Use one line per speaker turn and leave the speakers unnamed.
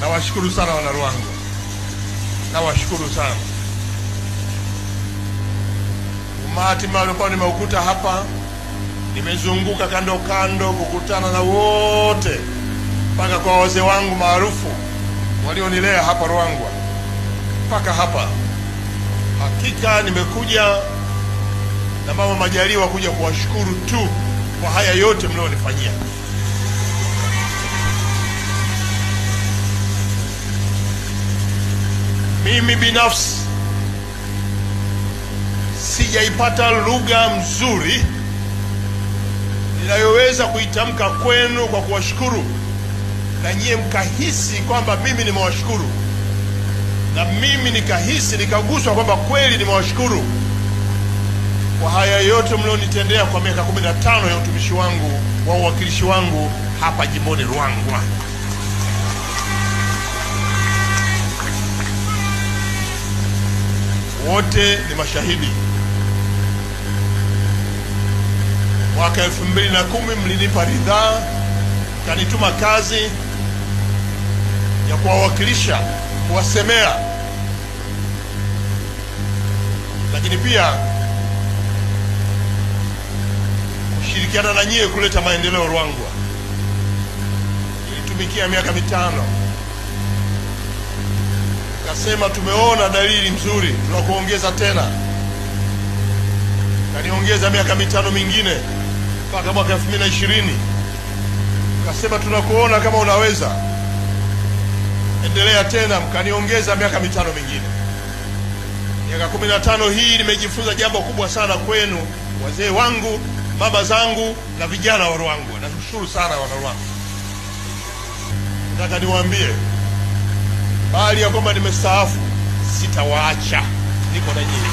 Nawashukuru sana wana Ruangwa, nawashukuru sana. Umati ambao nimeukuta hapa, nimezunguka kando kando kukutana na wote, mpaka kwa wazee wangu maarufu walionilea hapa Ruangwa mpaka hapa. Hakika nimekuja na Mama Majaliwa kuja kuwashukuru tu kwa haya yote mlionifanyia. Mimi binafsi sijaipata lugha mzuri ninayoweza kuitamka kwenu kwa kuwashukuru na nyiye mkahisi kwamba mimi nimewashukuru na mimi nikahisi nikaguswa kwamba kweli nimewashukuru kwa haya yote mlionitendea kwa miaka 15 ya utumishi wangu wa uwakilishi wangu hapa jimboni Ruangwa. wote ni mashahidi. Mwaka elfu mbili na kumi mlinipa ridhaa, kanituma kazi ya kuwawakilisha, kuwasemea, lakini pia kushirikiana na nyie kuleta maendeleo Ruangwa. Nilitumikia miaka mitano. Kasema tumeona dalili nzuri, tunakuongeza tena. Kaniongeza miaka mitano mingine mpaka mwaka elfu mbili na ishirini. tunakuona kama unaweza, endelea tena. Mkaniongeza miaka mitano mingine, miaka kumi na tano hii nimejifunza jambo kubwa sana kwenu, wazee wangu, baba zangu na vijana wa Ruangwa. Nashukuru sana wana Ruangwa, nataka niwaambie bali ya kwamba nimestaafu, sitawaacha, niko na nyinyi.